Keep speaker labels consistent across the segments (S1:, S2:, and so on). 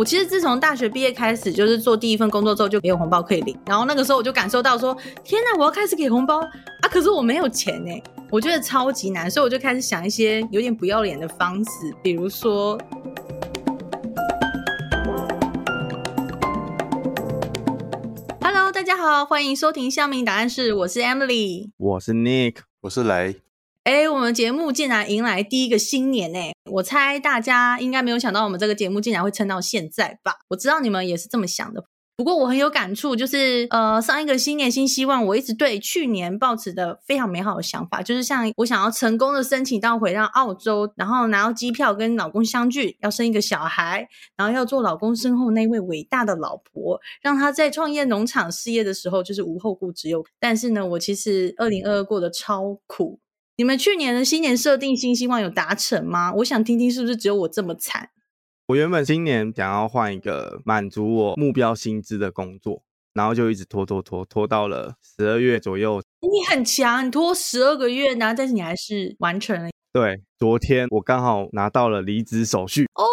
S1: 我其實自從大學畢業開始，就是做第一份工作之後就沒有紅包可以領。然後那個時候我就感受到說：“天哪，我要開始給紅包啊！”可是我沒有錢呢、欸，我覺得超級難，所以我就開始想一些有點不要臉的方式，比如說，Hello，大家好，歡迎收聽《鄉民答案室》，我是 Emily，
S2: 我是 Nick，我是雷。
S1: 哎、欸，我們節目竟然迎來第一個新年哎、欸！我猜大家應該沒有想到，我們這個節目竟然會撐到現在吧？我知道你們也是這麼想的。不過我很有感觸，就是呃，上一個新年新希望，我一直對去年抱持的非常美好的想法，就是像我想要成功的申請到回到澳洲，然後拿到機票跟老公相聚，要生一個小孩，然後要做老公身後那位偉大的老婆，讓他在創業農場事業的時候就是無後顧之憂。但是呢，我其實二零二二過得超苦。你們去年的新年設定新希望有達成嗎？我想聽聽是不是只有我這麼慘。
S2: 我原本新年想要換一個滿足我目標薪資的工作，然後就一直拖拖拖拖，到了十二月左右。
S1: 你很強，你拖十二個月呢，然後但是你還是完成了。
S2: 對，昨天我剛好拿到了離職手續。哦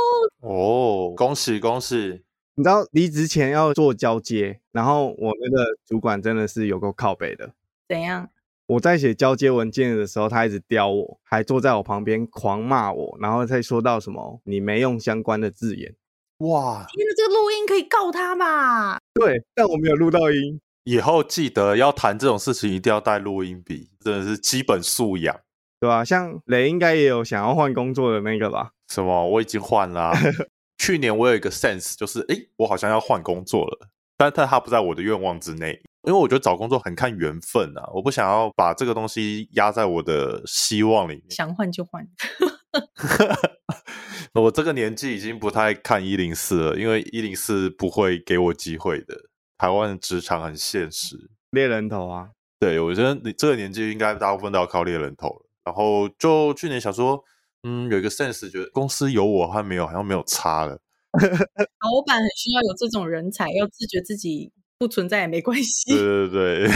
S2: 哦、oh, oh,，恭喜恭喜！你知道離職前要做交接，然後我們的主管真的是有夠靠北的。
S1: 怎樣？
S2: 我在寫交接文件的時候，他一直刁我，還坐在我旁邊狂罵我，然後再說到什麼你沒用相關的字眼。
S3: 哇，
S1: 天哪，這個錄音可以告他吧？
S2: 對，但我沒有錄到音，以後記得
S3: 要談這種事情一定要帶錄音筆，真的是基本素養，對吧、啊？像雷應該也有想要
S2: 換工作的那個吧？
S3: 什麼？我已經換啦、啊。 去年我有一個 sense，就是誒、欸、我好像要換工作了，但但他不在我的願望之內。因為我覺得找工作很看緣分啊，我不想要把這個東西壓在我的希望裡面。
S1: 想換就換。
S3: 我這個年紀已經不太看一零四了，因為一零四不會給我機會的。台灣的職場很現實，
S2: 獵人頭啊。
S3: 對，我覺得你這個年紀應該大部分都要靠獵人頭了。然後就去年想說，嗯，有一個 sense，覺得公司有我還沒有，好像沒有差了。
S1: 老闆很需要有這種人才，要自覺自己。不存在也沒關係。對
S2: 對對。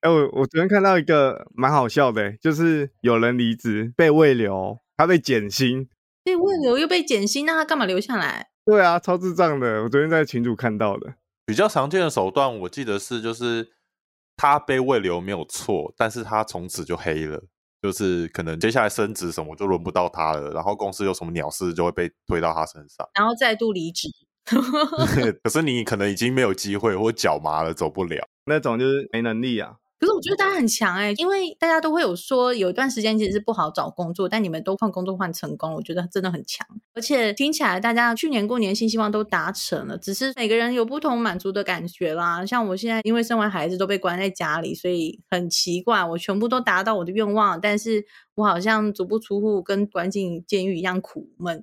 S2: 哎、 欸，我我昨天看到一個蠻好笑的，就是有人離職被慰留，他被減薪。
S1: 被慰留又被減薪，嗯、那他幹嘛留下
S2: 來？對啊，超智障的。我昨天在群主看到的。比
S3: 較常見的手段，我記得是就是他被慰留沒有錯，但是他從此就黑了，就是可能接下來升職什麼就輪不到他了，然後公司有什麼鳥事就會被推到他身上，
S1: 然後再度離職。
S3: 可是你可能已經沒有機會，或腳麻了走不了，
S2: 那種就是沒能力啊。
S1: 可是我覺得大家很強哎、欸，因為大家都會有說有一段時間其實是不好找工作，但你們都換工作換成功，我覺得真的很強。而且聽起來大家去年過年新希望都達成了，只是每個人有不同滿足的感覺啦。像我現在因為生完孩子都被關在家裡，所以很奇怪，我全部都達到我的願望，但是我好像足不出戶，跟關進監獄一樣苦悶。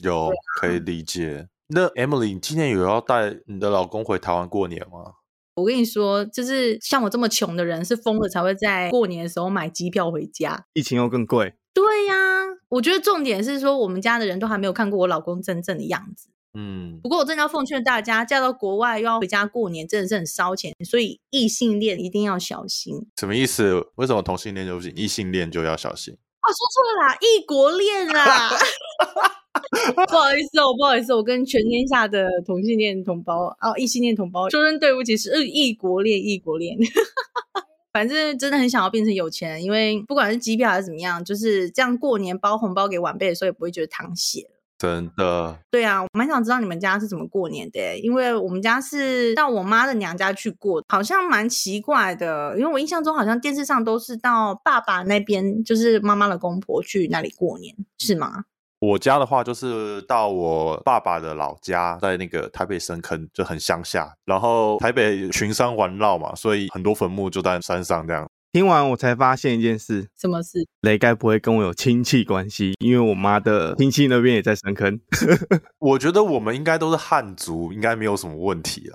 S3: 有、 啊、可以理解。那 Emily，你今年有要帶你的老公回台灣過年嗎？
S1: 我跟你說，就是像我這麼窮的人，是瘋了才會在過年的時候買機票回家。
S2: 疫情又更貴。
S1: 對呀，啊，我覺得重點是說，我們家的人都還沒有看過我老公真正的樣子。嗯。不過我真的要奉勸大家，嫁到國外又要回家過年，真的是很燒錢。所以異性戀一定要小心。
S3: 什麼意思？為什麼同性戀就不行，異性戀就要小心？
S1: 哦，說錯了啦，異國戀啊！ 不好意思哦，不好意思、哦，我跟全天下的同性戀同胞啊、哦，異性戀同胞說聲對不起，是、呃、異國戀，異國戀。 反正真的很想要變成有錢人，因為不管是機票還是怎麼樣，就是這樣過年包紅包給晚輩的時候，也不會覺得淌血。
S3: 真的，
S1: 對啊，我蠻想知道你們家是怎麼過年的欸，因為我們家是到我媽的娘家去過，好像蠻奇怪的，因為我印象中好像電視上都是到爸爸那邊，就是媽媽的公婆去那裡過年，是嗎？
S3: 我家的話就是到我爸爸的老家，在那個台北深坑，就很鄉下，然後台北群山環繞嘛，所以很多墳墓就在山上這樣。
S2: 聽完我才發現一件事，什麼事？雷該不會跟我有親戚關係？因為我媽的親戚那邊也在深坑。呵呵我覺得我們應該都是漢族，應該沒有什麼問題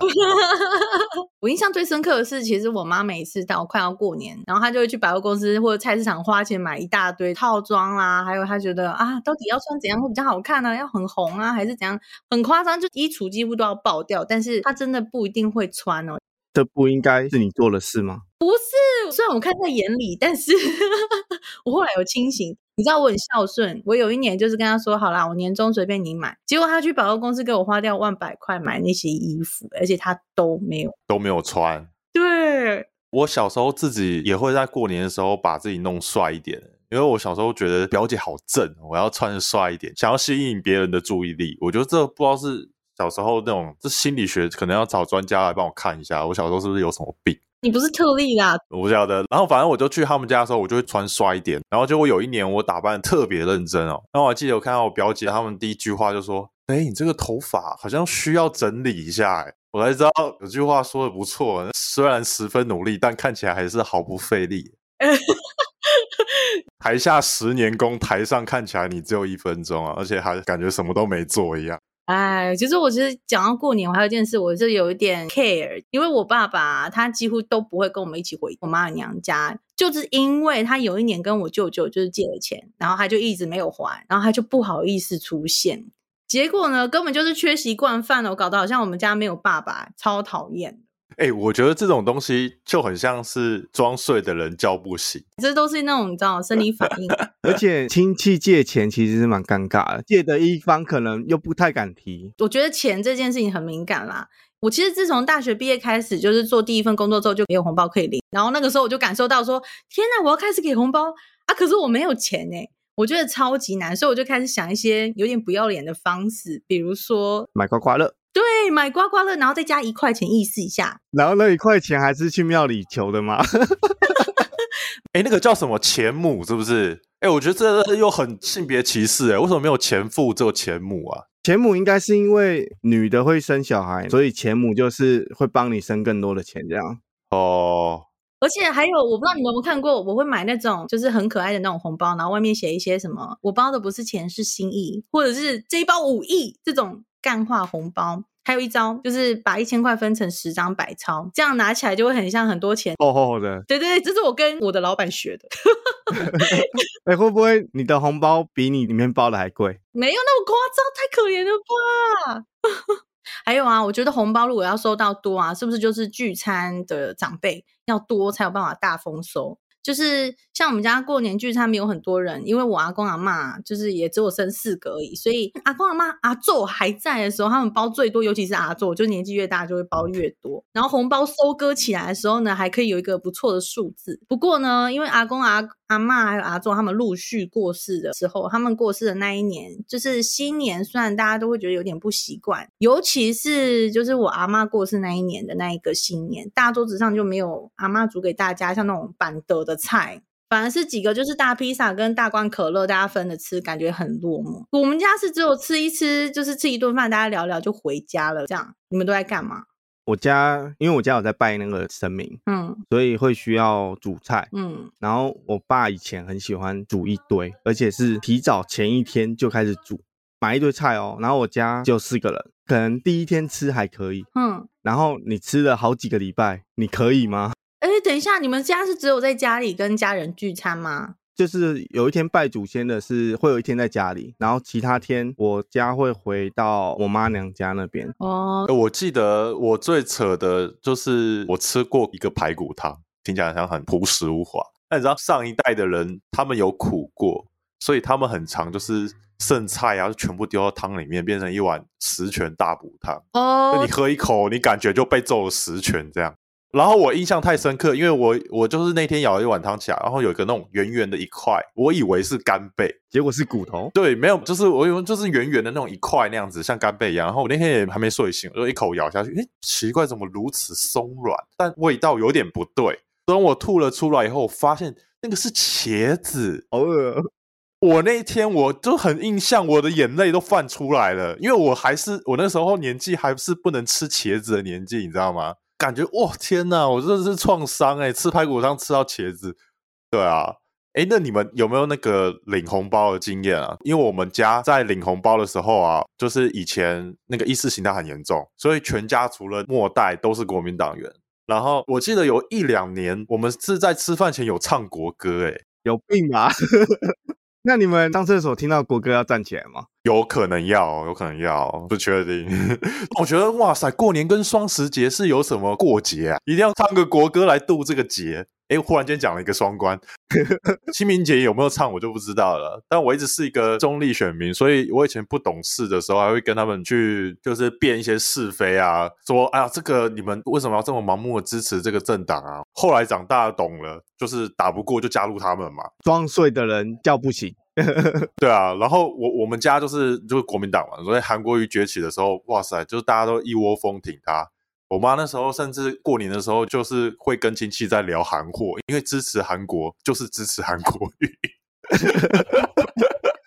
S1: 我印象最深刻的是，其實我媽每次到快要過年，然後她就會去百貨公司或者菜市場花錢買一大堆套裝啦、啊，還有她覺得啊，到底要穿怎樣會比較好看呢、啊？要很紅啊，還是怎樣？很誇張，就衣櫥幾乎都要爆掉，但是她真的不一定會穿哦。
S2: 這不應該是你做的事嗎？
S1: 不是，雖然我看在眼裡，但是呵呵我後來有清醒。你知道我很孝順，我有一年就是跟他說好啦，我年終隨便你買。結果他去百貨公司給我花掉萬百塊買那些衣服，而且他都沒有
S3: 都沒有穿。對，我小時候自己也會在過年的時候把自己弄帥一點，因為我小時候覺得表姐好正，我要穿帥一點，想要吸引別人的注意力。我覺得這不知道是。小時候那種，這心理學可能要找專家來幫我看一下，我小時候是不是有什麼病？
S1: 你不是特例啦、啊，
S3: 我不曉得。然後反正我就去他們家的時候，我就會穿帥一點。然後結果有一年我打扮特別認真哦，然後我還記得我看到我表姐他們第一句話就說：“哎，你這個頭髮好像需要整理一下誒。”我才知道有句話說的不錯，雖然十分努力，但看起來還是毫不費力。 台下十年功，台上看起來你只有一分鐘啊，而且還感覺什麼都沒做一樣。
S1: 哎，其實、就是、我其實講到過年，我還有一件事，我是有一點 care，因為我爸爸他幾乎都不會跟我們一起回我媽的娘家，就是因為他有一年跟我舅舅就是借了錢，然後他就一直沒有還，然後他就不好意思出現，結果呢，根本就是缺席慣犯了，我搞得好像我們家沒有爸爸，超討厭。
S3: 哎、欸，我覺得這種東西就很像是裝睡的人叫不醒，
S1: 這都是那種你知道嗎？生理
S2: 反應。 而且親戚借錢其實是蠻尷尬的，借的一方可能又不太敢提。我
S1: 覺得錢這件事情很敏感啦。我其實自從大學畢業開始，就是做第一份工作之後就沒有紅包可以領，然後那個時候我就感受到說：天哪，我要開始給紅包啊！可是我沒有錢哎、欸，我覺得超級難，所以我就開始想一些有點不要臉的方式，比如說
S2: 買刮刮樂。
S1: 對，買刮刮樂，然後再加一塊錢，意思一下。
S2: 然後那一塊錢還是去廟裡求的嗎？哎、 欸，那個叫什麼錢母是不是？
S3: 哎、欸，我覺得這又很性別歧視。哎，為什麼沒有錢父，做錢母啊？
S2: 錢母應該是因為女的會生小孩，所以錢母就是會幫你生更多的錢，這樣。哦。
S1: 而且還有，我不知道你們有沒有看過，我會買那種就是很可愛的那種紅包，然後外面寫一些什麼“我包的不是錢，是心意”或者是“這一包五億”這種。幹化紅包，還有一招就是把一千塊分成十張百鈔，這樣拿起
S2: 來就會很像很多錢。哦，好的，
S1: 對對對，這是我跟我的老闆學的。
S2: 哎、 欸，會不會你的紅包比你裡面包的還貴？
S1: 沒有那麼誇張，太可憐了吧？ 還有啊，我覺得紅包如果要收到多啊，是不是就是聚餐的長輩要多才有辦法大豐收？就是像我們家過年聚餐，沒有很多人，因為我阿公阿嬤，就是也只有生四個而已，所以阿公阿嬤阿祖還在的時候，他們包最多，尤其是阿祖，就年紀越大就會包越多。然後紅包收割起來的時候呢，還可以有一個不錯的數字。不過呢，因為阿公阿阿嬤還有阿祖他們陸續過世的時候，他們過世的那一年，就是新年，雖然大家都會覺得有點不習慣，尤其是就是我阿嬤過世那一年的那一個新年，大桌子上就沒有阿嬤煮給大家，像那種板凳的。的菜反而是幾個就是大披薩跟大罐可樂，大家分着吃，感覺很落寞。我們家是只有吃一吃，就是吃一頓飯，大家聊聊就回家了。這樣你們都在幹嘛？
S2: 我家因為我家有在拜那個神明，嗯，所以會需要煮菜，嗯。然後我爸以前很喜歡煮一堆，而且是提早前一天就開始煮，買一堆菜哦。然後我家就四個人，可能第一天吃還可以，嗯。然後你吃了好幾個禮拜，你可以嗎？
S1: 哎、欸，等一下，你們家是只有在家裡跟家人聚餐嗎？
S2: 就是有一天拜祖先的，是會有一天在家裡，然後其他天我家會回到我媽娘家那邊。
S3: 哦，oh. 我記得我最扯的就是我吃過一個排骨湯，聽起來好像很樸實無華。但你知道上一代的人他們有苦過，所以他們很常就是剩菜啊，就全部丟到湯裡面，變成一碗十全大補湯。哦，oh. 你喝一口，你感覺就被揍了十拳這樣。然後我印象太深刻，因為我我就是那天舀了一碗湯起來，然後有一個那種圓圓的一塊，我以為是乾貝，結果是骨頭。對，沒有，就是我以為就是圓圓的那種一塊那樣子，像乾貝一樣。然後我那天也還沒睡醒，我就一口咬下去，誒，奇怪，怎麼如此鬆軟？但味道有點不對。等我吐了出來以後，我發現那個是茄子。好、oh, uh. 我那天我就很印象，我的眼淚都泛出來了，因為我還是我那時候年紀還是不能吃茄子的年紀，你知道嗎？感覺哇、哦、天哪，我真的是創傷哎！吃排骨湯吃到茄子，對啊，哎，那你們有沒有那個領紅包的經驗啊？因為我們家在領紅包的時候啊，就是以前那個意識形態很嚴重，所以全家除了末代都是國民黨員。然後我記得有一兩年，我們是在吃飯前有唱國歌，哎，有病啊！
S2: 那你們上廁所的時候聽到國歌要站起來嗎？
S3: 有可能要，有可能要，不確定。 我覺得哇塞，過年跟雙十節是有什麽過節啊？一定要唱個國歌來度這個節。誒，忽然間講了一個雙關， 清明節有沒有唱我就不知道了。但我一直是一個中立選民，所以我以前不懂事的時候，還會跟他們去就是辯一些是非啊，說哎呀、啊，這個你們為什麼要這麼盲目的支持這個政黨啊？後來長大懂了，就是打不過就加入他們嘛。裝睡的人
S2: 叫不醒，
S3: 對啊。然後我我們家就是就是國民黨嘛，所以韓國瑜崛起的時候，哇塞，就是大家都一窩蜂挺他。我媽那時候甚至過年的時候，就是會跟親戚在聊韓貨，因為支持韓國就是支持韓國語。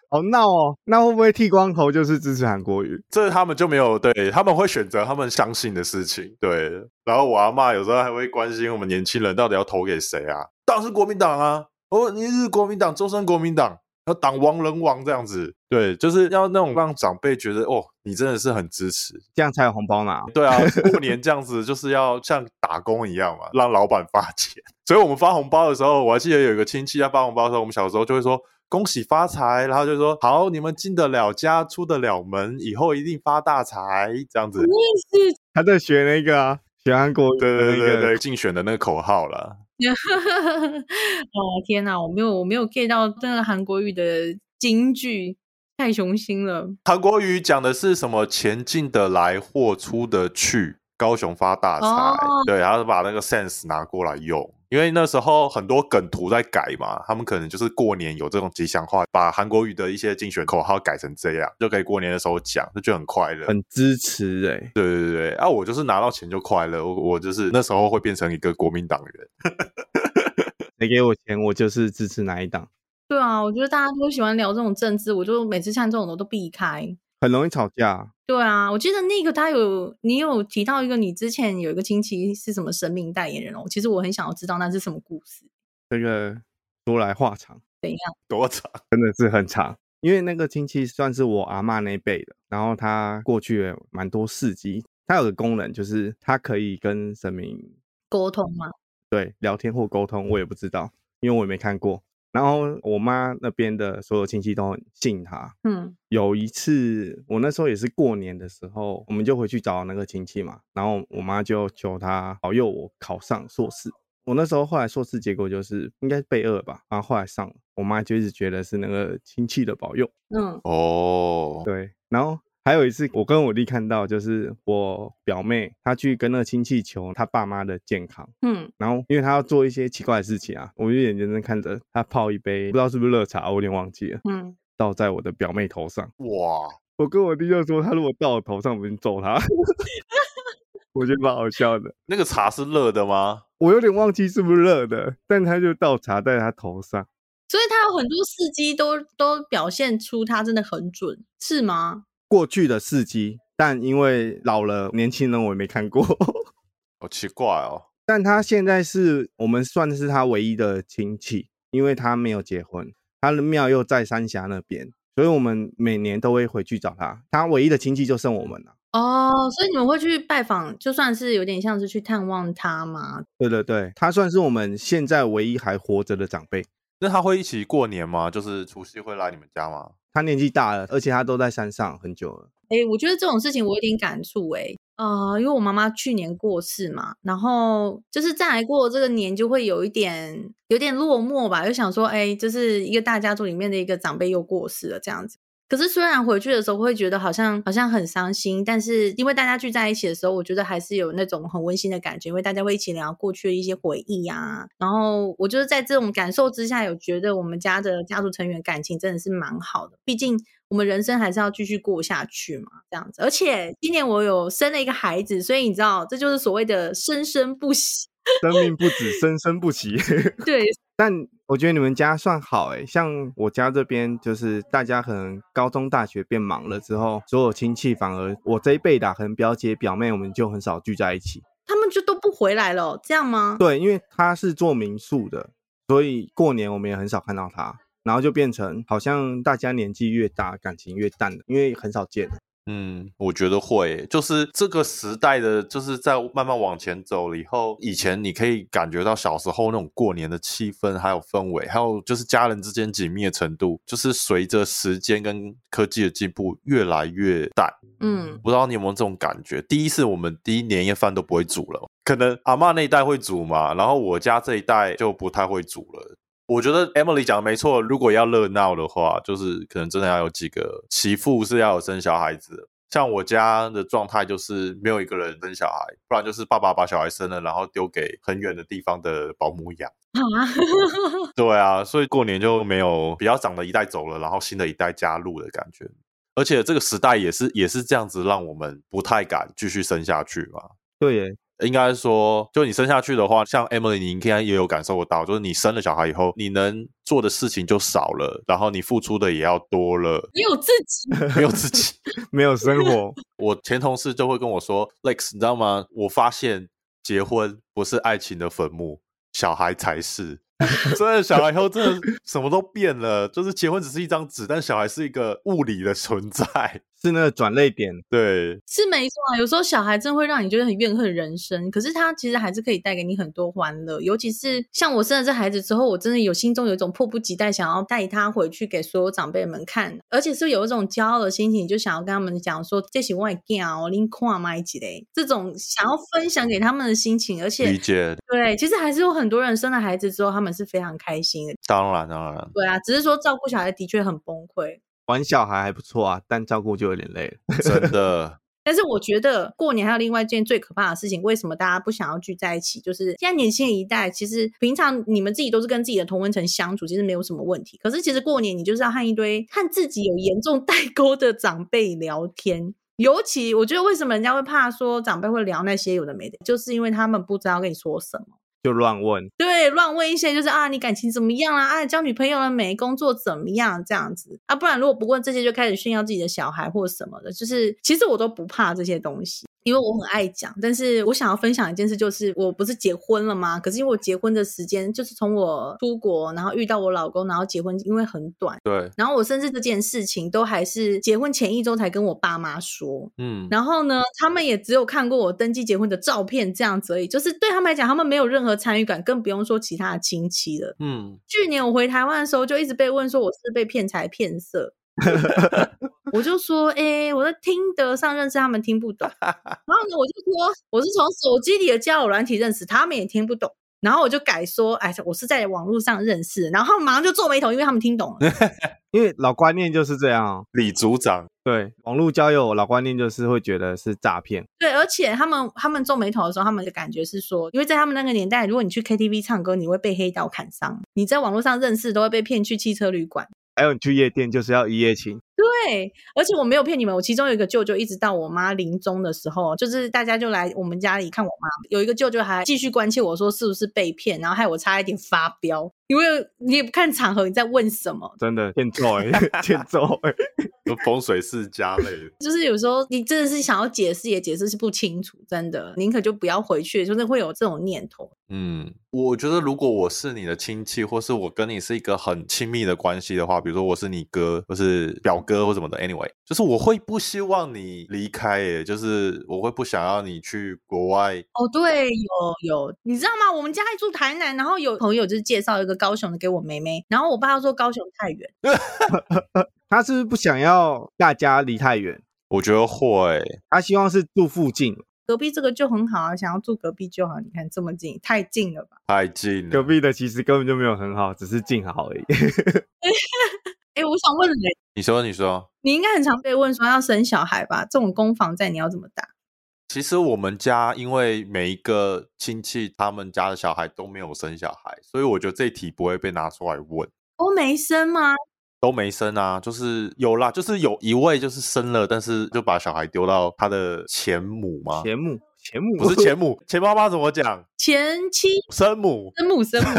S2: 好鬧哦，那會不會剃光頭就是支持韓國語？這
S3: 他們就沒有對，他們會選擇他們相信的事情，對。然後我阿嬤有時候還會關心我們年輕人到底要投給誰啊？當然是國民黨啊！哦，你是國民黨，終身國民黨。要當王人王這樣子，對，就是要那種讓長輩覺得哦，你真的
S2: 是很支持，這樣才有紅包拿。
S3: 對啊，過年這樣子就是要像打工一樣嘛，讓老闆發錢。所以我們發紅包的時候，我還記得有一個親戚他發紅包的時候，我們小時候就會說恭喜發財，然後就會說好，你們進得了家，出得了門，以後一定發大財這樣子。也是
S2: 還在學那個啊，學韓國的那個
S3: 競選的那個口號啦。
S1: 哦，天哪，我沒有，我沒有 get 到，真的韓國瑜的金句太雄心了。
S3: 韓國瑜講的是什麼？錢進得來，貨出得去，高雄發大財。哦、對，然後把那個 sense 拿過來用。因為那時候很多梗圖在改嘛，他們可能就是過年有這種吉祥話，把韓國瑜的一些競選口號改成這樣，就可以過年的時候講，那就很快樂。很支持哎、欸，對對對啊，我就是拿到錢就快樂我，我就是那時候會變成
S2: 一個國民黨員，誰 給我錢，我就是支持哪一黨。
S1: 對啊，我覺得大家都喜歡聊這種政治，我就每次看這種我都，都避開。
S2: 很容易吵架啊。
S1: 對啊，我記得那個他有，你有提到一個，你之前有一個親戚是什麼神明代言人哦。其實我很想要知道那是什麼故事。
S2: 這個說來話長。怎樣？多長？真的是很長。因為那個親戚算是我阿嬤那一輩的，然後他過去蠻多事蹟。他有個功能，就是他可以跟神明溝通嘛。對，聊天或溝通，我也不知道，因為我也沒看過。然後我媽那邊的所有親戚都很信她。嗯，有一次我那時候也是過年的時候，我們就回去找那個親戚嘛。然後我媽就求她保佑我考上碩士。我那時候後來碩士結果就是應該是備二吧，然後後來上了。我媽就一直覺得是那個親戚的保佑。嗯，哦，對，然後。還有一次，我跟我弟看到就是我表妹她去跟那個親戚求她爸媽的健康。嗯，然後因為她要做一些奇怪的事情啊，我就眼睜睜看着她泡一杯，不知道是不是熱茶，我有點忘記了。嗯，倒在我的表妹頭上。哇！我跟我弟就說，他如果倒我頭上，我們就揍他。 我覺得蠻好笑的。那個茶是熱的嗎？我有點忘記是不是熱的，但他就倒茶在他頭上。
S1: 所以他有很多事蹟都都表現出他真的很準，是嗎？
S2: 過去的事蹟，但因為老了，年輕人我也沒看過，好、 哦、奇怪哦。但他現在是我們算是他唯一的親戚，因為他沒有結婚，他的廟又在三峽那邊，所以我們每年都會回去找他。他唯一的親戚就剩我們
S1: 了。哦，所以你們會去拜訪，就算是有點像是去探望他嗎？
S2: 對對對，他算是我們現在唯一還活着的長輩。那他會一起過年嗎？
S3: 就是除夕會來你們
S2: 家嗎？他年紀大了，而且他都在山上很久了。
S1: 哎、欸，我覺得這種事情我有點感觸，哎、欸，啊、呃，因為我媽媽去年過世嘛，然後就是再來過這個年就會有一點有點落寞吧，就想說，哎、欸，就是一個大家族裡面的一個長輩又過世了，這樣子。可是雖然回去的時候會覺得好像好像很傷心，但是因為大家聚在一起的時候，我覺得還是有那種很溫馨的感覺，因為大家會一起聊過去的一些回憶啊。然後我就是在這種感受之下，有覺得我們家的家族成員感情真的是蠻好的。畢竟我們人生還是要繼續過下去嘛，這樣子。而且今年我有生了一個孩子，所以你知道，這就是所謂的生生不息，
S2: 生命不止，生生不息。 對， 但。我覺得你們家算好誒，像我家這邊，就是大家可能高中、大學變忙了之後，所有親戚反而我這一輩的，可能表姐、表妹，我們就很少聚在一起。
S1: 他們就都不回來了，這樣嗎？
S2: 對，因為他是做民宿的，所以過年我們也很少看到他，然後就變成好像大家年紀越大，感情越淡了，因為很少見。嗯，我
S3: 覺得會，就是這個時代的就是在慢慢往前走了以後，以前你可以感覺到小時候那種過年的氣氛，還有氛圍，還有就是家人之間緊密的程度，就是隨着時間跟科技的進步越來越淡。嗯，不知道你有沒有這種感覺？第一次我們第一年夜飯都不會煮了，可能阿嬤那一代會煮嘛，然後我家這一代就不太會煮了。我覺得 Emily 講的沒錯，如果要熱鬧的話，就是可能真的要有幾個媳婦，是要有生小孩子。像我家的狀態就是沒有一個人生小孩，不然就是爸爸把小孩生了，然後丟給很遠的地方的保姆養。啊 對啊，所以過年就沒有比較長的一代走了，然後新的一代加入的感覺。而且這個時代也是也是這樣子，讓我們不太敢繼續生下去吧。對耶。應該說，就你生下去的話，像 Emily，你應該也有感受得到，就是你生了小孩以後，你能做的事情就少了，然後你付出的也要多了，
S1: 沒有自己，沒有自己，
S3: 沒有生活。 我前同事就會跟我說，Layx，你知道嗎？我發現結婚不是愛情的墳墓，小孩才是。真的，小孩以後真的什麼都變了，就是結婚只是一張紙，但小孩是一個物理的存在。是那個轉捩點，對，
S1: 是沒錯啊。有時候小孩真的會讓你覺得很怨恨的人生，可是他其實還是可以帶給你很多歡樂。尤其是像我生了這孩子之後，我真的有心中有一種迫不及待想要帶他回去給所有長輩們看，而且是有一種驕傲的心情，就想要跟他們講說：“這小外甥我領跨麥幾嘞。看看”這種想要分享給他們的心情，而且理解對，其實還是有很多人生了孩子之後，他們是非常開心的。
S2: 當然、啊，當然，
S1: 對啊，只是說照顧小孩的確很崩潰。
S2: 玩小孩還不錯啊，但照顧就有點累了，真的。
S1: 但是我覺得過年還有另外一件最可怕的事情，為什麼大家不想要聚在一起？就是現在年輕一代，其實平常你們自己都是跟自己的同溫層相處，其實沒有什麼問題。可是其實過年你就是要和一堆和自己有嚴重代溝的長輩聊天，尤其我覺得為什麼人家會怕說長輩會聊那些有的沒的，就是因為他們不知道跟你說什麼。
S2: 就亂問，
S1: 對，亂問一些，就是啊，你感情怎麼樣啦，啊？啊，交女朋友了沒？工作怎麼樣？這樣子啊，不然如果不問這些，就開始炫耀自己的小孩或什麼的，就是其實我都不怕這些東西。因為我很愛講，但是我想要分享一件事，就是我不是結婚了嗎？可是因為我結婚的時間就是從我出國，然後遇到我老公，然後結婚，因為很短。對。然後我甚至這件事情都還是結婚前一周才跟我爸媽說。嗯。然後呢，他們也只有看過我登記結婚的照片這樣子而已。就是對他們來講，他們沒有任何參與感，更不用說其他的親戚了。嗯。去年我回台灣的時候，就一直被問說我是被騙財騙色。 我就說，哎、欸，我在聽得上認識他們聽不懂，然後呢，我就說我是從手機裡的交友軟體認識，他們也聽不懂，然後我就改說，哎，我是在網絡上認識，然後他馬上就皺眉頭，因為他們聽懂
S2: 了， 因為老觀念就是這樣。李組長，對，網絡交友老觀念就是會覺得是詐騙，對，而
S1: 且他們他們皺眉頭的時候，他們的感覺是說，因為在他們那個年代，如果你去 KTV 唱歌，你會被黑道砍傷；你在網絡上認識，都會被騙去汽車旅館，
S2: 還有你去夜店就是要一夜情。
S1: 對，而且我沒有騙你們，我其中有一個舅舅，一直到我媽臨終的時候，就是大家就來我們家裡看我媽。有一個舅舅還繼續關切我說是不是被騙，然後害我差一點發飆，因為你也不看場合，你在問什麼？
S4: 真
S3: 的，欠揍，欠揍， 風水世家類
S1: 的，就是有時候你真的是想要解釋也解釋是不清楚，真的，寧可就不要回去，就是會有這種念頭。嗯，
S3: 我覺得如果我是你的親戚，或是我跟你是一個很親密的關係的話，比如說我是你哥或是表。歌或什麼的，anyway，就是我會不希望你離開，哎，就是我會不想要你去國外。
S1: 哦，對，有有，你知道嗎？我們家還住台南，然後有朋友就是介紹一個高雄的給我妹妹，然後我爸說高雄太遠。
S2: 他是不是不想要大家離太遠？我覺得會，他希望是住附近，
S1: 隔壁這個就很好啊，想要住隔壁就好。你看這麼近，太近了吧？
S2: 太近。隔壁的其實根本就沒有很好，只是近好而已。
S1: 哎，我想問你，
S2: 你說，你說，
S1: 你應該很常被問說要生小孩吧？這種攻防戰你要怎麼打？
S3: 其實我們家因為每一個親戚他們家的小孩都沒有生小孩，所以我覺得這題不會被拿出來問。
S1: 都沒生嗎？
S3: 都沒生啊，就是有啦，就是有一位就是生了，但是就把小孩丟到他的前母嗎？前母。前母，不是前母，前媽媽怎麼講？
S1: 前妻、
S3: 生母、
S1: 生母、生母，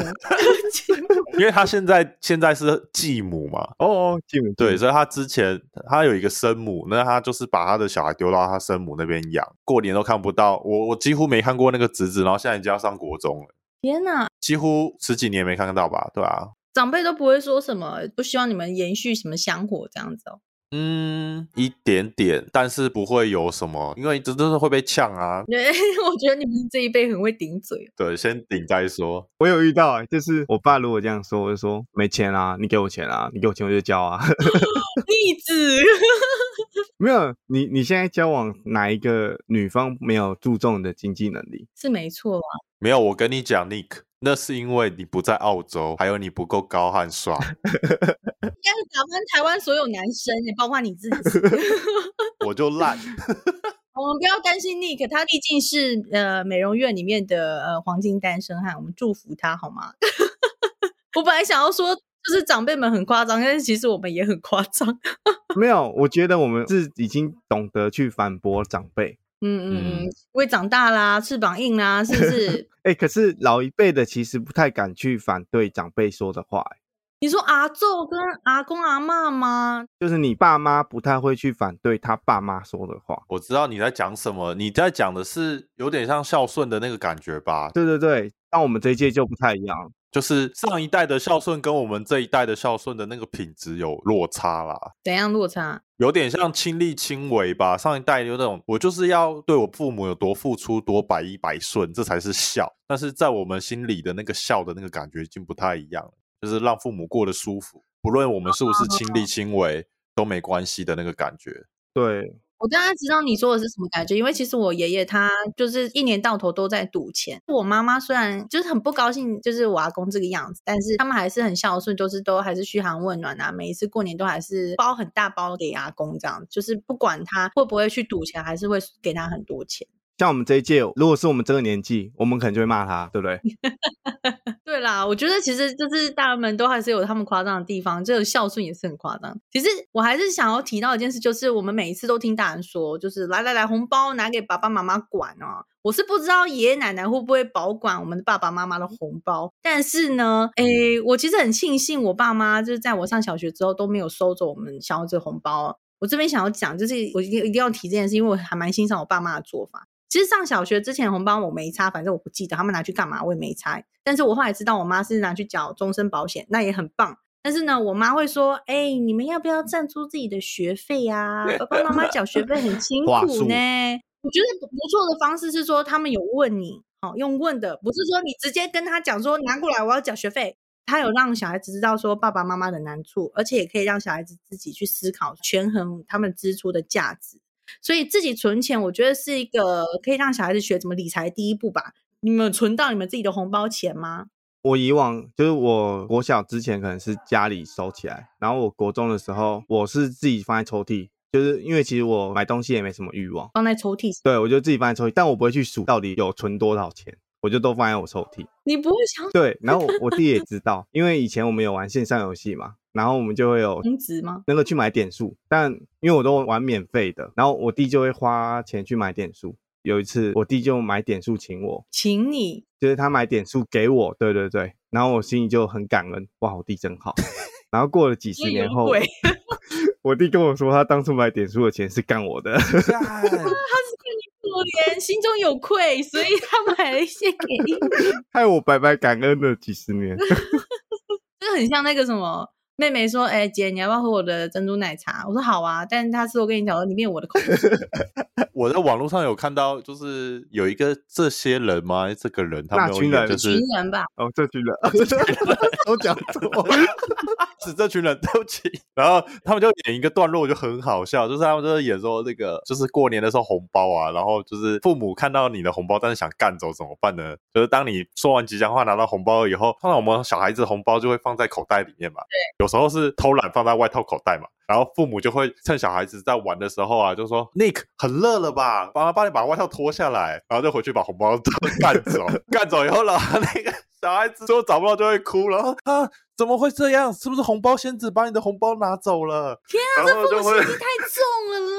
S1: 因
S3: 為他現在現在是繼母嘛。哦哦，繼母、嗯、對，所以他之前他有一個生母，那他就是把他的小孩丟到他生母那邊養，過年都看不到我，我幾乎沒看過那個侄子，然後現在已經要上國中了。
S1: 天哪，
S3: 幾乎十幾年沒看看到吧？對吧、
S1: 啊？長輩都不會說什麼，不希望你們延續什麼香火這樣子哦。
S3: 嗯，一點點，但是不會有
S2: 什麼，因為這真是會被嗆啊。對，
S1: 我覺得你們這一輩很會頂嘴。
S2: 對，先頂再說。我有遇到啊，就是我爸如果這樣說，我就說沒錢啦、啊，你給我錢啊，你給我錢我就交啊。
S1: 逆 逆子。
S2: 沒有你，你現在交往哪一個女方沒有注重你的經濟能力
S1: 是沒錯吧，啊？
S2: 沒有，我跟你講，Nick，那是因為你不在澳洲，還有你不夠高和爽！
S1: 應該是打翻台灣所有男生，也包括你自
S3: 己。 我就爛。
S1: 我們不要擔心 Nick，他畢竟是呃美容院裡面的呃黃金單身漢，我們祝福他好嗎？ 我本來想要說。就是長輩們很誇張，但是其實我們也很誇張。
S2: 沒有，我覺得我們是已經懂得去反駁長輩。嗯
S1: 嗯嗯，嗯會長大啦，翅膀硬啦，是不
S2: 是？哎、 欸，可是老一輩的其實不太敢去反對長輩說的話、欸。
S1: 你說阿祖跟阿公阿媽嗎？
S2: 就是你爸媽不太會去反對他爸媽說的話。我知
S3: 道你在講什麼，你在講的是有點像孝順的那個感覺吧？對
S2: 對對，但我們這一屆就不太一樣。
S3: 就是上一代的孝順跟我們這一代的孝順的那個品質有落差啦。
S1: 怎樣落差？
S3: 有點像親力親為吧。上一代有那種，我就是要對我父母有多付出、多百依百順，這才是孝。但是在我們心裡的那個孝的那個感覺已經不太一樣了，就是讓父母過得舒服，不論我們是不是親力親為，都沒關係的那個感覺。
S2: 對。
S1: 我剛剛知道你說的是什麼感覺，因為其實我爺爺他就是一年到頭都在賭錢。我媽媽雖然就是很不高興，就是我阿公這個樣子，但是他們還是很孝順，都、就是都還是噓寒問暖啊。每一次過年都還是包很大包給阿公這樣，就是不管他會不會去賭錢，還是會給他很多錢。
S2: 像我們這一屆，如果是我們這個年紀，我們可能就會罵他，對不對？
S1: 對啦，我覺得其實就是大人們都還是有他們誇張的地方，這個孝順也是很誇張。其實我還是想要提到的一件事，就是我們每一次都聽大人說，就是來來來，紅包拿給爸爸媽媽管哦、啊。我是不知道爺爺奶奶會不會保管我們的爸爸媽媽的紅包，但是呢，哎，我其實很慶幸我爸媽就是在我上小學之後都沒有收走我們小孩子紅包。我這邊想要講，就是我一定一定要提這件事，因為我還蠻欣賞我爸媽的做法。其實上小學之前紅包我沒拆，反正我不記得他們拿去幹嘛，我也沒拆。但是我後來知道我媽是拿去繳終身保險，那也很棒。但是呢，我媽會說：“哎、欸，你們要不要贊助自己的學費啊？爸爸媽媽繳學費很辛苦呢。話數。”我覺得不錯的方式是說，他們有問你，哦，用問的，不是說你直接跟他講說拿過來我要繳學費。他有讓小孩子知道說爸爸媽媽的難處，而且也可以讓小孩子自己去思考權衡他們支出的價值。所以自己存錢，我覺得是一個可以讓小孩子學怎麼理財的第一步吧。你們存到你們自己的紅包錢嗎？
S2: 我以往就是我國小之前可能是家裡收起來，然後我國中的時候我是自己放在抽屜，就是因為其實我買東西也沒什麼慾望，放在抽屜。對，我就自己放在抽屜，但我不會去數到底有存多少錢，我就都放在我抽屜。
S1: 你不會想？對，
S2: 然後我弟也知道， 因為以前我們有玩線上遊戲嘛。然後我們就會有充值嗎，能夠去買點數，但因為我都玩免費的，然後我弟就會花錢去買點數。有一次我弟就買點數請我，請你，就是他買點數給我，對對對。然後我心裡就很感恩，哇，我弟真好。 然後過了幾十年後，有 我弟跟我說，他當初買點數的錢是幹我的，他
S1: 是看你可憐，心中有愧，所以他買了一些給
S2: 你， 害我白白感恩了幾十年，
S1: 這 很像那個什麼。妹妹說：“哎、欸，姐，你要不要喝我的珍珠奶茶？”我說：“好啊。”但是他是我跟你講的，裡面有我的口
S3: 我在網絡上有看到，就是有一個這些人嗎？這個人他、就是，那群人，群人吧。哦，這群人， 這群人都講 是這群人，對不起。然後他們就演一個段落，就很好笑，就是他們就演說那、這個，就是過年的時候紅包啊，然後就是父母看到你的紅包，但是想幹走怎麼辦呢？就是當你說完吉祥話，拿到紅包以後，通常我們小孩子紅包就會放在口袋裡面嘛。對。有時候是偷懶，放在外套口袋嘛，然後父母就會趁小孩子在玩的時候啊，就說：“Nick 很熱了吧，幫他幫你把外套脫下來。”然後就回去把紅包都幹走，幹 走以後，呢，那個小孩子最後找不到就會哭，了。啊怎麼會這樣？是不是紅包仙子把你的紅
S2: 包拿走了？
S3: 天啊，這父母心
S1: 太重了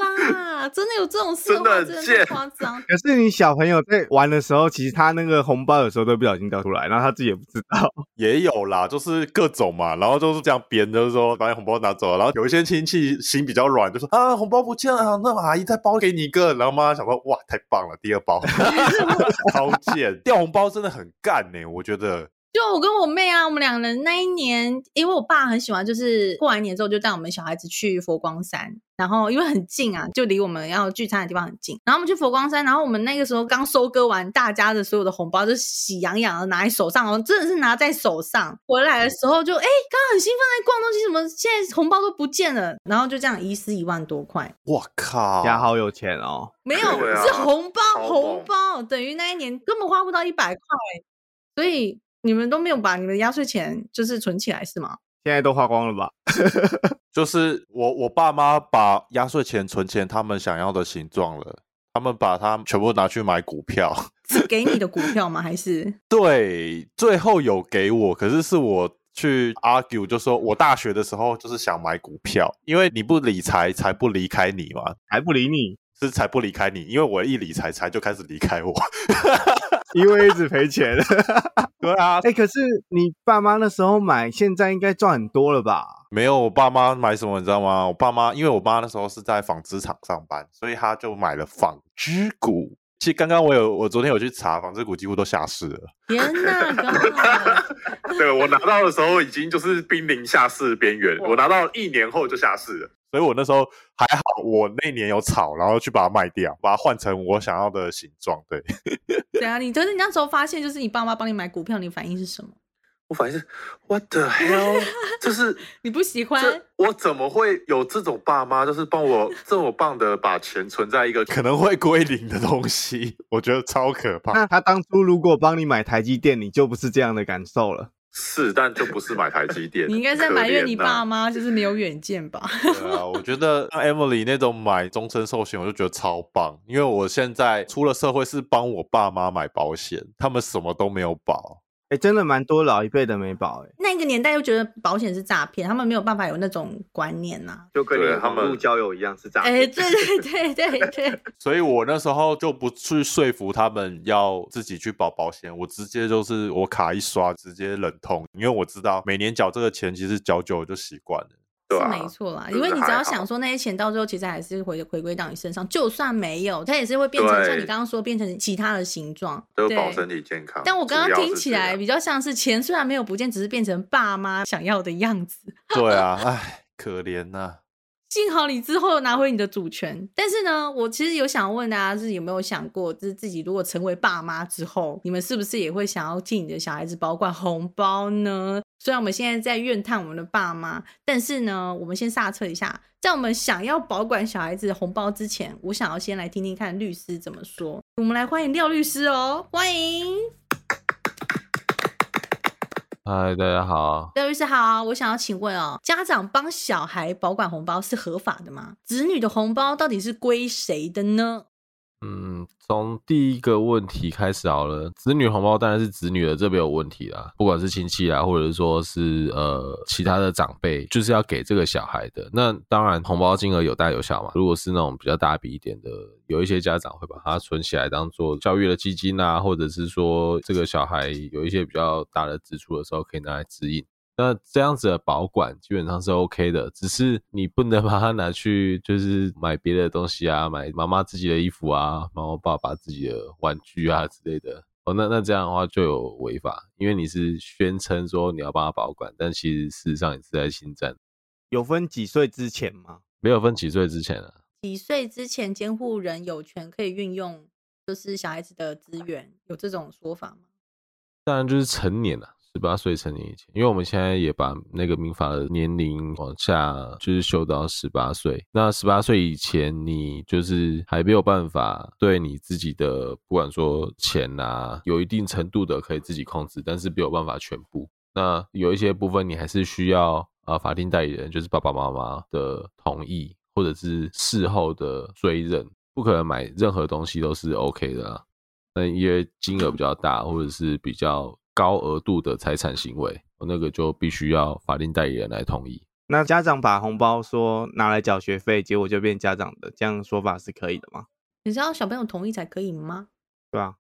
S1: 啦！ 真的有這種事嗎？真的很誇
S3: 張。
S2: 可是你小朋友在玩的時候，其實他那個紅包有時候都不小心掉出來，然後他自己也不知道。也有啦，就是各種嘛，然後就是這樣編，就是說把你紅
S3: 包拿走了。然後有一些親戚心比較軟，就說啊，紅包不見了，那麼阿姨再包給你一個。然後媽媽小朋友哇，太棒了，第二包， 超賤。掉紅包真的很乾哎、欸，我覺得。
S1: 就我跟我妹啊，我們兩人那一年，因、欸、為我爸很喜歡，就是過完年之後就帶我們小孩子去佛光山，然後因為很近啊，就離我們要聚餐的地方很近。然後我們去佛光山，然後我們那個時候剛收割完大家的所有的紅包，就喜洋洋的拿在手上哦，真的是拿在手上。回來的時候就哎、欸，剛很興奮在逛東西，怎麼現在紅包都不見了？然後就這樣遺失一萬多塊。
S2: 哇靠，家好有錢哦！沒有，啊、是紅
S1: 包、超猛、紅包，等於那一年根本花不到一百塊，所以。你們都沒有把你們的壓歲錢就是存起來是嗎？
S2: 現在都花光了吧？
S3: 就是我我爸媽把壓歲錢存成他們想要的形狀了，他們把它全部拿去買股票。
S1: 是給你的股票嗎？還是？
S3: 對，最後有給我，可是是我去 argue 就說我大學的時候就是想買股票，因為你不理財才不離開你嘛，才不理你，是才不離開你，因為我一理財財就開始離開我。
S2: 因為 一,一直賠錢， 對啊，哎、欸，可是你爸媽那時候買，現在應該賺很多了吧？沒有，我爸
S3: 媽買什麼你知道嗎？我爸媽因為我媽那時候是在紡織廠上班，所以他就買了紡織股。 其實剛剛我有，我昨天有去查，紡織股幾乎都下市了。天哪、啊！ 對，我拿到的時候已經就是瀕臨下市邊緣，哇我拿到一年後就下市了。所以我那時候還好，我那年有炒，然後去把它賣掉，把它換成我想要的形狀。對，
S1: 對啊，你就是你那時候發現，就是你爸媽幫你買股票，你反應是什麼？
S3: 我反應是 What the hell？
S1: 就是你不喜
S3: 歡？我怎麼會有這種爸媽？就是幫我這麼棒的把錢存在一個 可能會
S2: 歸零的東西，我覺得超可怕。他當初如果幫你買台積電，你就不是這樣的感受了。
S3: 是，但就不是買台積電。 你應該在埋怨你爸
S1: 媽，就是沒有遠見吧？
S3: 對啊，我覺得像 Emily 那種買終身壽險，我就覺得超棒。因為我現在出了社會，是幫我爸媽買保險，他們什麼都沒有保。
S2: 欸、真的蠻多的老一輩的沒保，哎、
S1: 欸，那個年代又覺得保險是詐騙，他們沒有辦法有那種觀念吶、啊，就
S2: 跟你的他們不交友一
S1: 樣是詐騙。哎，對對對對對，對。
S2: 所以
S3: 我那時候就不去說服他們要自己去保保險，我直接就是我卡一刷直接忍痛，因為我知道每年繳這個錢，其實繳久了就習慣了。
S1: 是沒錯啦，啊、因為你只要想說那些錢到最後其實還是回回歸到你身上，就算沒有，它也是會變成像你剛剛說，變成其他的形狀。對，對，保身體健
S3: 康。但我剛剛聽
S1: 起來比較像是錢雖然沒有不見，只是，只是變成爸媽想要的樣子。
S3: 對啊，唉， 可憐吶、啊。
S1: 幸好你之後拿回你的主權，但是呢，我其實有想問大、啊、家，是有沒有想過，就是自己如果成為爸媽之後，你們是不是也會想要替你的小孩子保管紅包呢？雖然我們現在在怨嘆我們的爸媽，但是呢，我們先煞車一下，在我們想要保管小孩子的紅包之前，我想要先來聽聽看律師怎麼說。我們來歡迎廖律師哦，歡迎。
S4: 嗨、呃，大家好，
S1: 廖律師好，我想要請問哦，家長幫小孩保管紅包是合法的嗎？子女的紅包到底是歸誰的呢？
S4: 嗯，從第一個問題開始好了。子女紅包當然是子女的，這沒有問題啦，不管是親戚啊，或者是說是呃其他的長輩，就是要給這個小孩的。那當然，紅包金額有大有小嘛。如果是那種比較大筆一點的，有一些家長會把它存起來當做教育的基金啊，或者是說這個小孩有一些比較大的支出的時候，可以拿來指引。那這樣子的保管基本上是 OK 的，只是你不能把它拿去就是買別的東西啊，買媽媽自己的衣服啊，然後爸爸自己的玩具啊之類的。哦，那那這樣的話就有違法，因為你是宣稱說你要幫他保管，但其實事實上也是在侵占。有分幾歲之前嗎？沒有分幾歲之前啊，
S1: 幾歲之前監護人有權可以運用就是小孩子的資源，有這種說法嗎？當
S4: 然就是成年了啊。十八歲成年以前，因為我們現在也把那個民法的年齡往下，就是修到十八歲。那十八歲以前，你就是還沒有辦法對你自己的，不管說錢吶、啊，有一定程度的可以自己控制，但是沒有辦法全部。那有一些部分，你還是需要啊、呃，法定代理人，就是爸爸媽媽的同意，或者是事後的追認，不可能買任何東西都是 OK 的、啊。那因為金額比較大，或者是比較。高額度的財產行為，我那個就必須要法定代理人來同意。
S2: 那家長把紅包說拿來繳學費，結果就變家長的，這樣說法是可以的嗎？你是要
S1: 小朋友同意才可以嗎？
S2: 對啊，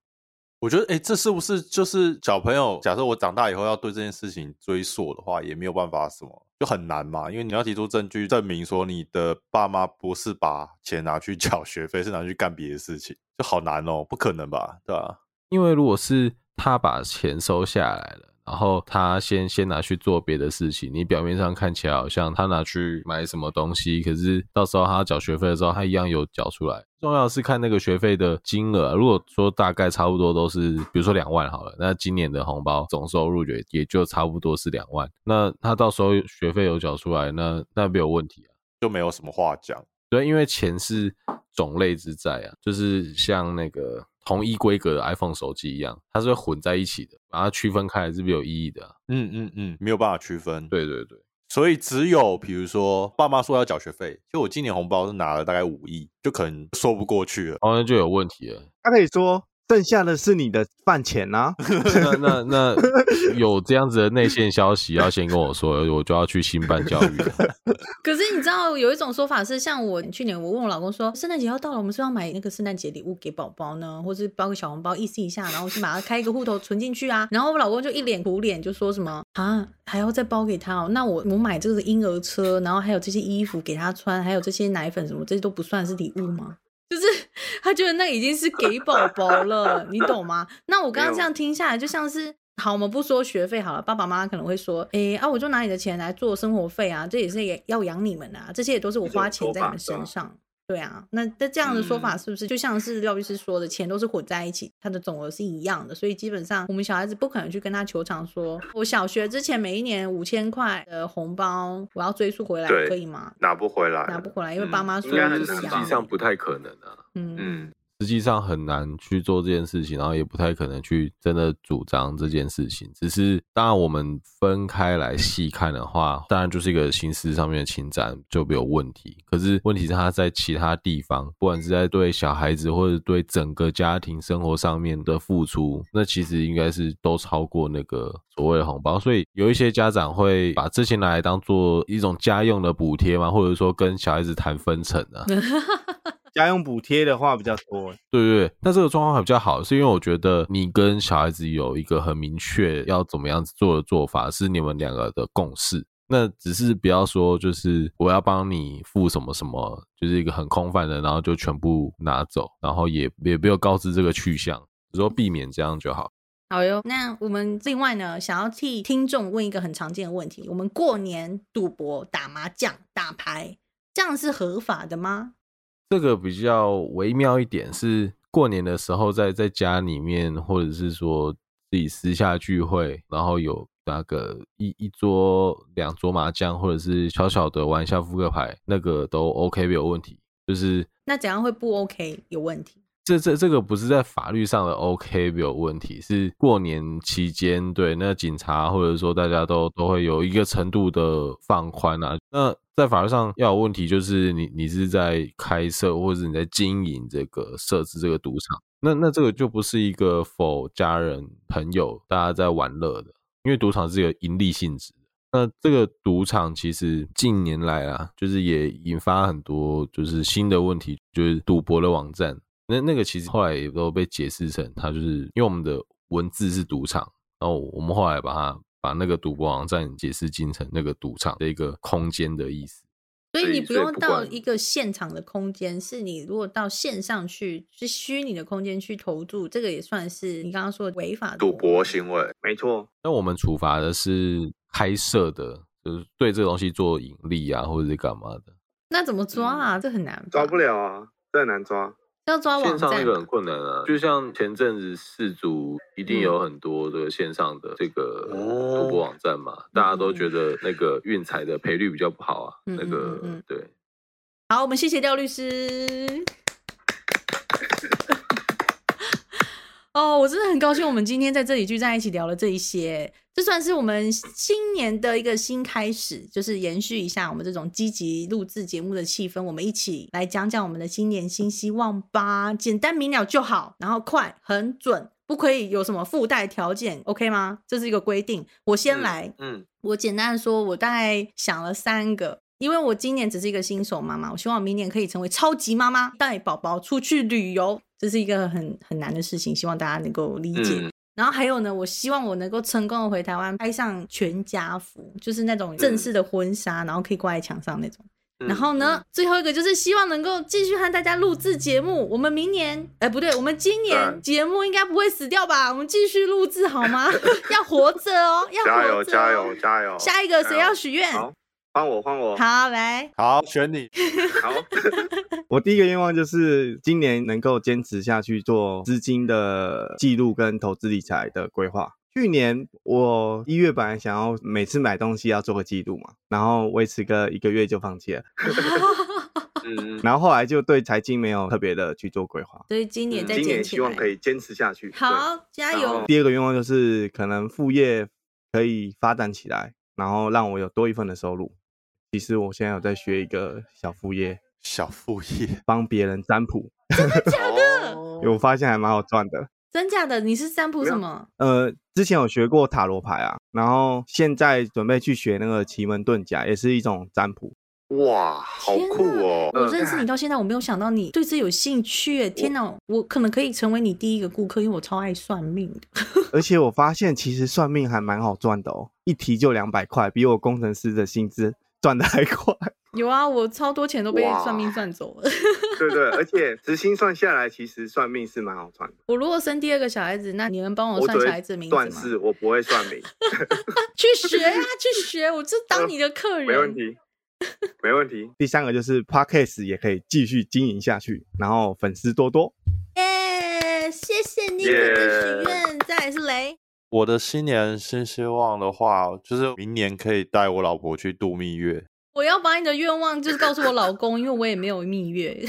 S2: 我覺得，誒、欸，這是不是就是小朋友？假
S3: 設我長大以後要對這件事情追溯的話，也沒有辦法什麼，就很難嘛。因為你要提出證據證明說你的爸媽不是把錢拿去繳學費，是拿去幹別的事情，就好難哦，不可能吧？對吧、啊？
S4: 因為如果是。他把錢收下來了，然後他先先拿去做別的事情。你表面上看起來好像他拿去買什麼東西，可是到時候他繳學費的時候，他一樣有繳出來。重要的是看那個學費的金額啊，如果說大概差不多都是，比如說兩萬好了，那今年的紅包總收入也也就差不多是兩萬。那他到時候學費有繳出來，那那沒有問題啊，就沒有什麼話講。對，因為錢是種類之債啊，就是像那個。同一規格的 iPhone 手機一樣，它是會混在一起的，把它區分
S3: 開來是沒有意義的、啊嗯。嗯嗯嗯，沒有辦法區分。對對對，所以只有比如說，爸媽說要繳學費，就我今年紅包是拿了大概五億，就可能說不過去了，好像、哦、就有問題了。
S2: 他、啊、可以說。剩下的是你的飯錢呢？那
S3: 那那
S4: 有這樣子的內線消息要先跟我說， 我就要去新辦教育
S1: 了。可是你知道有一種說法是，像我去年我問我老公說，聖誕節要到了，我們是不是要買那個聖誕節禮物給寶寶呢，或是包個小紅包意思一,一下，然後去馬上開一個戶頭存進去啊？然後我老公就一臉苦臉，就說什麼啊還要再包給他哦？那我我買這個嬰兒車，然後還有這些衣服給他穿，還有這些奶粉什麼，這些都不算是禮物嗎？就是。 他覺得那已經是給寶寶了，你懂嗎？那我剛剛這樣聽下來，就像是好，我們不說學費好了，爸爸媽媽可能會說，哎啊，我就拿你的錢來做生活費啊，這也是也要養你們的啊，這些也都是我花錢在你們身上。對啊，那那這樣的說法是不是就像是廖律師說的，錢都是混在一起，它的總額是一樣的，所以基本上我們小孩子不可能去跟他求償，說我小學之前每一年五千塊的紅包，我要追溯回來，可以嗎？
S3: 拿不回來，拿
S1: 不回來，嗯、因為爸媽說的。應該是實際
S3: 上不太可能的、啊。嗯。嗯
S4: 實際上很難去做這件事情，然後也不太可能去真的主張這件事情。只是當然，我們分開來細看的話，當然就是一個形式上面的侵占就沒有問題。可是問題是，他在其他地方，不管是在對小孩子或者對整個家庭生活上面的付出，那其實應該是都超過那個所謂的紅包。所以有一些家長會把這些拿來當做一種家用的補貼嘛，或者說跟小孩子談分成啊。
S2: 家用補貼的話比較多，對，
S4: 對對，那這個狀況還比較好，是因為我覺得你跟小孩子有一個很明確要怎麼樣子做的做法，是你們兩個的共識。那只是不要說就是我要幫你付什麼什麼，就是一個很空泛的，然後就全部拿走，然後也也沒有告知這個去向，說避免這樣就好。
S1: 好喲，那我們另外呢，想要替聽眾問一個很常見的問題：我們過年賭博、打麻將、打牌，這樣是合法的嗎？
S4: 這個比較微妙一點，是過年的時候在在家裡面，或者是說自己私下聚會，然後有那個一一桌兩桌麻將，或者是小小的玩一下撲克牌，那個都 OK 沒有問題。就是
S1: 那怎樣會不 OK 有問題？
S4: 這這這個不是在法律上的 OK 有問題，是過年期間，對，那警察或者說大家都都會有一個程度的放寬啊，那在法律上要有問題就是你你是在開設或者你在經營這個設置這個賭場，那那這個就不是一個否家人朋友大家在玩樂的，因為賭場是有盈利性質的。那這個賭場其實近年來啊，就是也引發很多就是新的問題，就是賭博的網站。那那個其實後來也都被解釋成，它就是因為我們的文字是賭場，然後我們後來把它把那個賭博網站解釋進成那個賭場的一個空間的意思。
S1: 所以你不用到一個現場的空間，是你如果到線上去，是虛擬的空間去投注，這個也算是你剛剛說的違法賭博
S3: 行為，沒
S2: 錯。
S4: 那我們處罰的是開設的，就是對這個東西做營利啊，或者是幹嘛的？
S1: 那怎麼抓啊？這很難。抓
S2: 不了啊，這很難抓。
S1: 要抓網站，線上那個很
S4: 困難啊，就像前陣子世足一定有很多的線上的這個賭博網站嘛，大家都覺得那個運彩的賠率比較不好啊，那個
S1: 對。好，我們謝謝廖律師。哦，我真的很高興，我們今天在這裡聚在一起聊了這一些，這算是我們新年的一個新開始，就是延續一下我們這種積極錄製節目的氣氛。我們一起來講講我們的新年新希望吧，簡單明了就好，然後快、很準，不可以有什麼附帶條件，OK 嗎？這是一個規定。我先來，嗯，嗯，我簡單的說，我大概想了三個。因為我今年只是一個新手媽媽，我希望我明年可以成為超級媽媽，帶寶寶出去旅遊，這是一個很很難的事情，希望大家能夠理解。嗯、然後還有呢，我希望我能夠成功的回台灣拍上全家福，就是那種正式的婚紗，嗯、然後可以掛在牆上那種。嗯、然後呢，最後一個就是希望能夠繼續和大家錄制節目。我們明年，哎、呃，不對，我們今年節目應該不會死掉吧？我們繼續錄制好嗎？嗯、 要活着哦！
S2: 要活着加油，加油，加油！下一個誰要許願？換我，我，換我，好來，好選你，好。 我第一個願望就是今年能夠堅持下去做資金的記錄跟投資理財的規劃。去年我一月本來想要每次買東西要做個記錄嘛，然後維持個一個月就放棄了。然後後來就對財經沒有特別的去做規劃，所以今年今年希望可以堅持下去。好，對加油。第二個願望就是可能副業可以發展起來，然後讓我有多一份的收入。其實我現在有在學一個小副業，小副業幫別人占卜。真的假的？有 發現還蠻好賺的，
S1: 真假的？你是占卜什麼？
S2: 有呃，之前有學過塔羅牌啊，然後現在準備去學那個奇門遁甲，也是一種占卜。
S3: 哇，好酷哦！我
S1: 認識你到現在，我沒有想到你對這有興趣。天哪，我，我可能可以成為你第一個顧客，因為我超愛算命的。
S2: 而且我發現，其實算命還蠻好賺的哦，一提就兩百塊，比我工程師的薪資。算得還快，
S1: 有啊，我超多錢都被算命算走了。
S2: 對，對對，而且時薪算下來，其實算命是蠻好賺的。
S1: 我如果生第二個小孩子，那你能幫我算小孩子名字嗎？但是
S2: 我不會算命。
S1: 去學啊， 去學，我就當你的客人。沒問
S2: 題，沒問題。 第三個就是 podcast 也可以繼續經營下去，然後粉絲多多。
S1: 耶，yeah, 謝謝你我的許願。Yeah. 再來是雷。
S2: 我的新年
S3: 新希望的話，就是明年可以帶我老婆去度蜜月。
S1: 我要把你的願望就是告訴我老公， 因為我也沒有蜜月。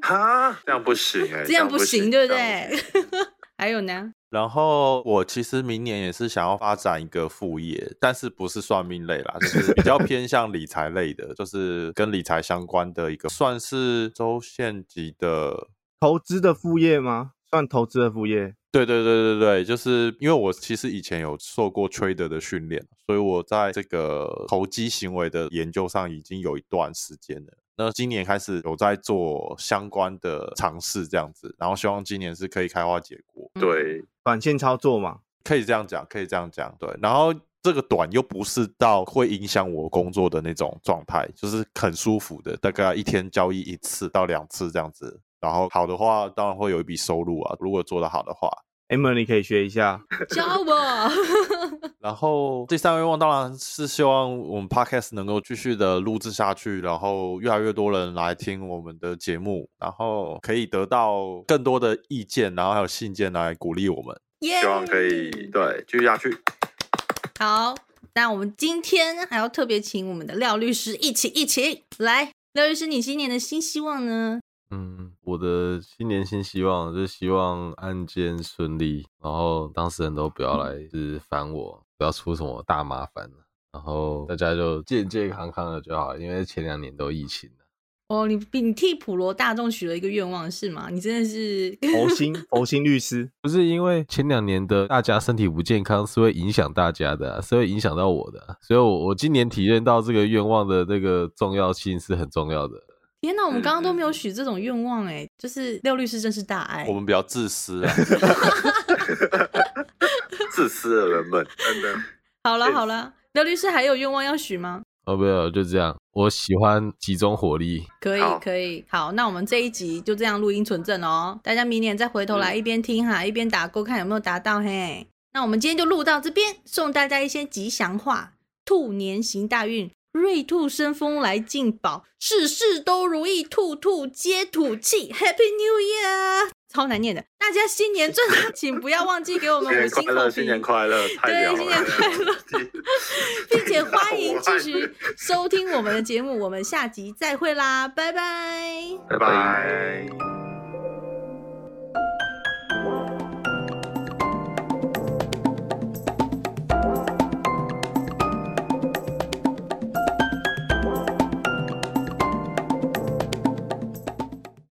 S3: 哈，這樣不行哎、欸，這樣不行
S1: 對不對？不不，還有呢？
S3: 然後我其實明年也是想要發展一個副業，但是不是算命類啦，就是比較偏向理財類的， 就是跟理財相關的一個，算是周線級的。
S2: 投資的副業嗎？算投資的副業，
S3: 對，對對對對對，就是因為我其實以前有受過 trader 的訓練，所以我在這個投機行為的研究上已經有一段時間了。那今年開始有在做相關的嘗試，這樣子，然後希望今年是可以開花結果。對，短線操作嘛，可以這樣講，可以這樣講，對。然後這個短又不是到會影響我工作的那種狀態，就是很舒服的，大概一天交易一次到兩次這樣子。然後好的話，當然會有一筆收入啊。如果做得好的話，e m 你可以學一下教我。然後這三個願望當然是希望我們 Podcast 能夠繼續的錄製下去，然後越來越多人來聽我們的節目，然後可以得到更多的意見，然後還有信件來鼓勵我們。Yeah! 希望可以對繼續下去。
S1: 好，那我們今天還要特別請我們的廖律師一起一起來。廖律師，你新年的新希望呢？嗯。
S4: 我的新年新希望就是希望案件順利，然後當事人都不要來就是煩我，不要出什麼大麻煩。然後大家就健健康康的就好。因為前兩年都疫情
S1: 了。哦，你你替普羅大眾許了一個願望是嗎？你真的是 佛
S4: 心佛心律師？不是，因為前兩年的大家身體不健康是會影響大家的、啊，是會影響到我的、啊，所以我我今年體驗到這個願望的那個重要性是很重要的。
S1: 天哪，我們剛剛都沒有許這種願望哎，嗯、就是廖律師真是大愛。我
S4: 們比較自私
S3: 自私的人們真的。
S1: 好了啦天好了，廖律師還有願望要許嗎？
S4: 哦，不要，就這樣。我喜歡集中火力。
S1: 可以可以，好，那我們這一集就這樣錄音存證哦，大家明年再回頭來一邊聽哈，嗯、一邊打勾看有沒有達到嘿。那我們今天就錄到這邊，送大家一些吉祥話，兔年行大運。瑞兔生風來進寶，事事都如意，兔兔皆吐氣。Happy New Year！超難念的，大家新年正好，請不要忘記給我們五星好
S3: 評。新年快樂，太累了，對，新
S1: 年快樂，並且歡迎繼續收聽我們的節目，我們下集再會啦，拜拜，
S3: 拜拜。